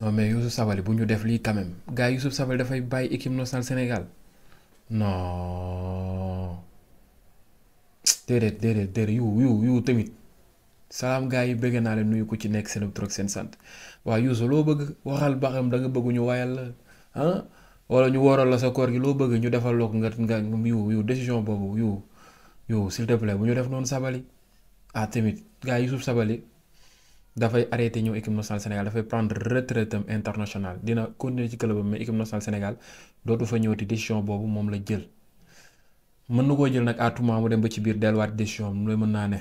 non mais Youssouf Sabaly bu ñu def lii quand même gars yi Youssouf Sabaly dafay bàyyi équipe nationale Sénégal non déedéet déedéet déedéet yu yu tamit salaam gars yi bëgg naa leen nuyu ko ci nekk seen tur seen sant waaw Youssou loo bëgg waxal baxam da nga bëgg ñu waayal la wala ñu wooral la sa koor gi loo bëgg ñu defal loo ko nga nga yu décision boobu yu yu s'il te bu ñu def noonu sabali ah tamit gars yi Youssouf dafay arrêté ñëw équipe nationale Sénégal dafay prendre retraite am international dina continuer ci club am mais équipe nationale Sénégal dootu fa ñëw ñëwati décision boobu moom la jël mën na koo jël nag à tout moment mu dem ba ci biir delluwaat décision am loolu mën naa ne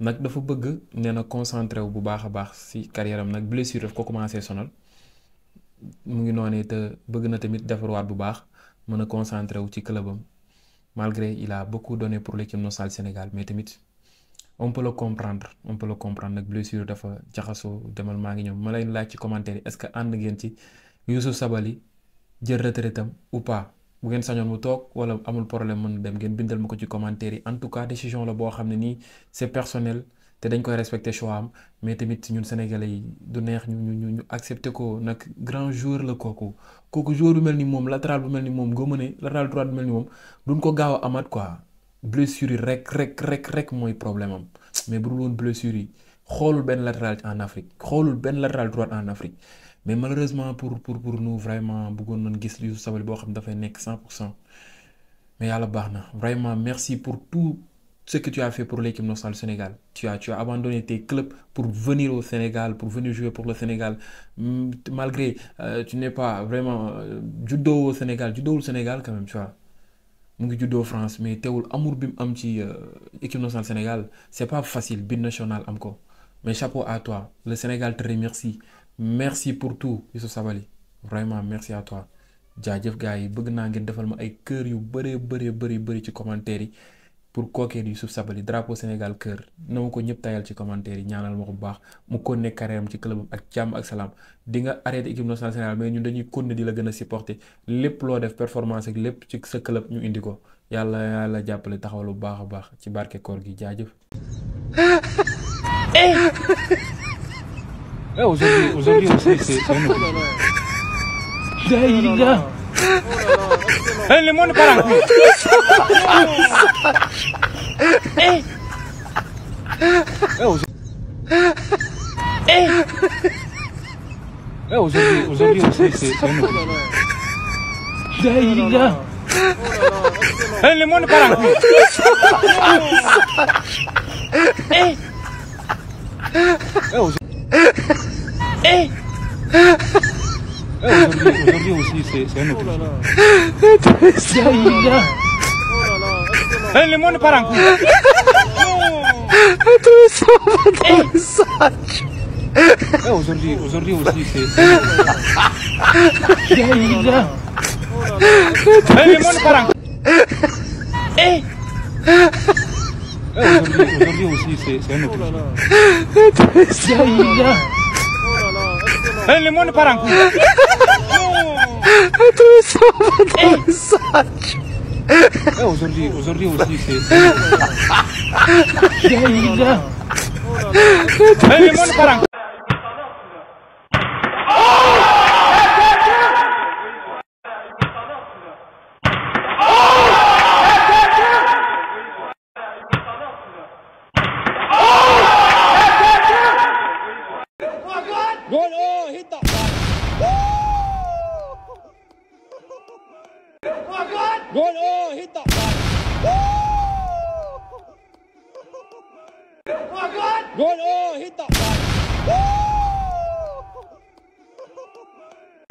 nag dafa bëgg nee na concentré wu bu baax a baax si carrière am nag blessure daf ko commencé sonal mu ngi noonee te bëgg na tamit defarwaat bu baax mën na concentré wu ci club am malgré il a beaucoup pour l'équipe nationale Sénégal mais tamit. on peut le comprendre on peut le comprendre nag blessure dafa jaxasoo demal maa ngi ñoom ma lay laaj ci commentaire yi est-ce que ànd ngeen ci Youssouf Sabaly jël retraite am ou pas bu ngeen sañoon mu toog wala amul problème mën dem ngeen bindal ma ko ci commentaire yi en tout cas décision la boo xam ne nii c'est personnel te dañ koy respecter choix am mais tamit ñun sénégalais yi du neex ñu ñu ñu accepter ko nag grand joueur la kooku kooku joueur bu mel ni moom latéral bu mel ni moom gëmë ne latéral droit bu mel ni duñ ko gaaw a blessure yi rek rek rek rek mooy problème am mais bu dul woon blessure yi xoolul benn latéral en Afrique xoolu benn latéral droit en Afrique mais malheureusement pour pour pour nous vraiment bëggoon nañ gis Youssouf Sabaly boo xam dafay nekk 100 pour cent mais yàlla baax na vraiment merci pour tout ce que tu as fait pour l'équipe nationale du Sénégal tu as tu as abandonné tes clubs pour venir au Sénégal pour venir jouer pour le Sénégal malgré euh, tu n'es pas vraiment euh, juddoo au Sénégal juddoo Sénégal quand même mu ngi juddoo France mais teewul amour bi mu am ci euh, équipe nationale Sénégal c'est pas facile bi binational am ko mais chapeau à toi le Sénégal te remercie merci pour tout Youssouf Sabaly vraiment merci à toi jaajëf gars yi bëgg naa ngeen defal ma ay cœur yu bëree bëri bëri bëri ci commentaire yi. pour kookeer Youssouf Sabaly drapeau Sénégal kër na ma ko ñëpp tayal ci commentaire yi ñaanal ma bu baax mu continuer carrière am ci club ak jàmm ak salaam di nga arrêté équipe Sénégal mais ñun dañuy continuer di la gën a supporter lépp loo def performance ak lépp ci sa club ñu indi ko yàlla yàlla jàppale taxawal bu baax baax ci barke koor gi jaajëf. Eh! Eh, aujourd'hui aujourd'hui aussi c'est le monde parle Eh Eh Eh aujourd'hui, aujourd'hui aussi, c'est Daïla Eh le monde parle Eh Eh Eh Aujourd'hui aussi, c'est un autre. Oh le monde part en couille. Non. Aujourd'hui, aujourd'hui aussi, c'est. le monde part en couille. Aujourd'hui aussi, c'est un autre. 난 레몬 파랑 구. Tout ça, tout Aujourd'hui, aujourd'hui aussi, c'est. Aïe, aïe, aïe. Lemon parang. One, oh, hit that one. Oh, God. One, oh, hit that one.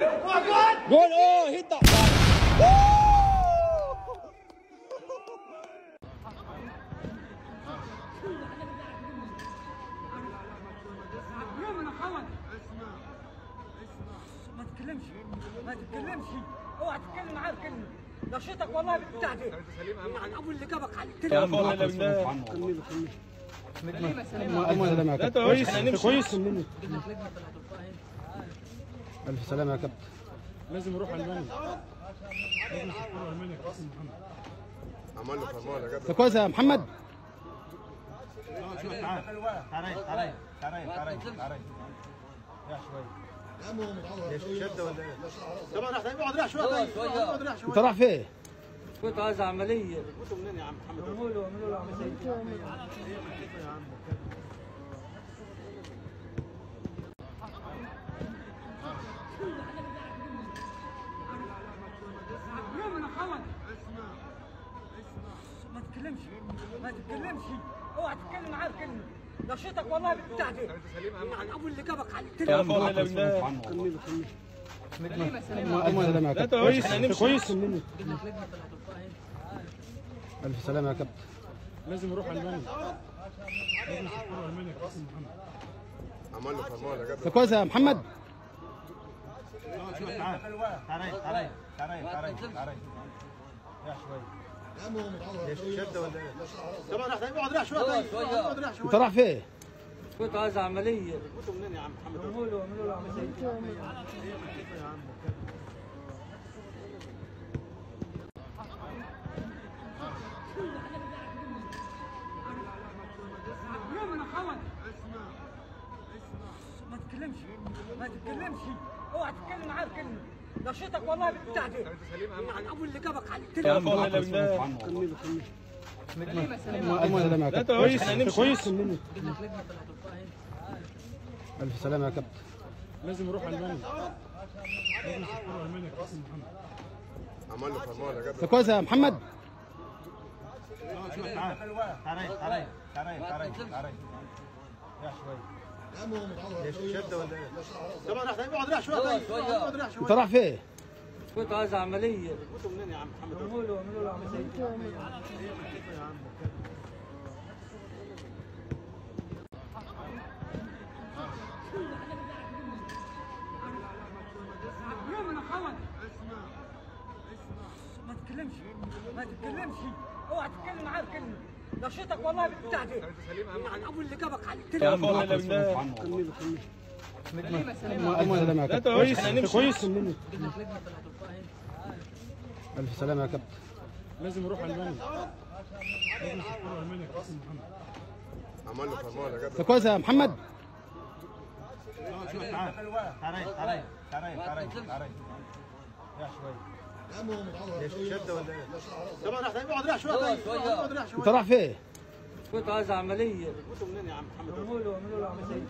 Oh, God. One, oh, hit that one. Oh. كويس كويس الف سلامه يا كابتن لازم نروح المانيا لازم نروح المانيا عمل له فرمان يا كابتن كويس يا محمد تعال تعال تعال تعال تعال يا شويه شده ولا ايه؟ طبعا راح اقعد راح شويه طيب اقعد راح شويه انت رايح فين؟ كنت عايز عمليه جبتوا منين يا عم محمد؟ اعملوا اعملوا له عمليه اسمع اسمع ما تتكلمش ما تتكلمش اوعى تتكلم معاه بكلمه نشيطك والله بتاعتي اول اللي جابك على التليفون سلامة يا كابتن كويس كويس ألف سلامة يا كابتن لازم نروح ألمانيا عملنا فرمان يا كابتن كويس يا محمد تعال تعال تعال تعال تعال يا شوية شدة ولا ايه؟ طبعا راح تقعد راح شوية طيب اقعد راح شوية انت راح فين؟ كنت عايز عمليه جبته منين يا عم محمد اعملوا له اعملوا له عمليه اسمع اسمع ما تتكلمش ما تتكلمش اوعى تتكلم معاه كلمه نشيطك والله بتاعتي ابو اللي جابك على التليفون والله بالله كملوا كملوا لا تعيش كويس ألف سلامة يا كابتن لازم نروح ألمانيا لازم نروح ألمانيا يا كابتن محمد عمل له فرمان يا كابتن كويس يا محمد تعال تعال تعال تعال تعال يا شوية طبعا احنا اقعد ريح شويه طيب اقعد ريح شويه انت رايح فين؟ كنت عايز عمليه كنت منين يا عم محمد؟ اعملوا له اعملوا له عمليه تتكلمش اوعى تتكلم معاه كلمه نشيطك والله بتاع دي مع الابو اللي جابك على التليفون كملوا كملوا ألف سلامة يا كابتن كويس كويس ألف سلامة يا كابتن لازم نروح ألمانيا لازم نروح ألمانيا كأس محمد عمل كويس يا محمد تعال تعال تعال تعال تعال يا شوية انت رايح فين؟ كنت عايز عمليه. منين يا عم محمد؟ اعملوا له اعملوا له عمليه.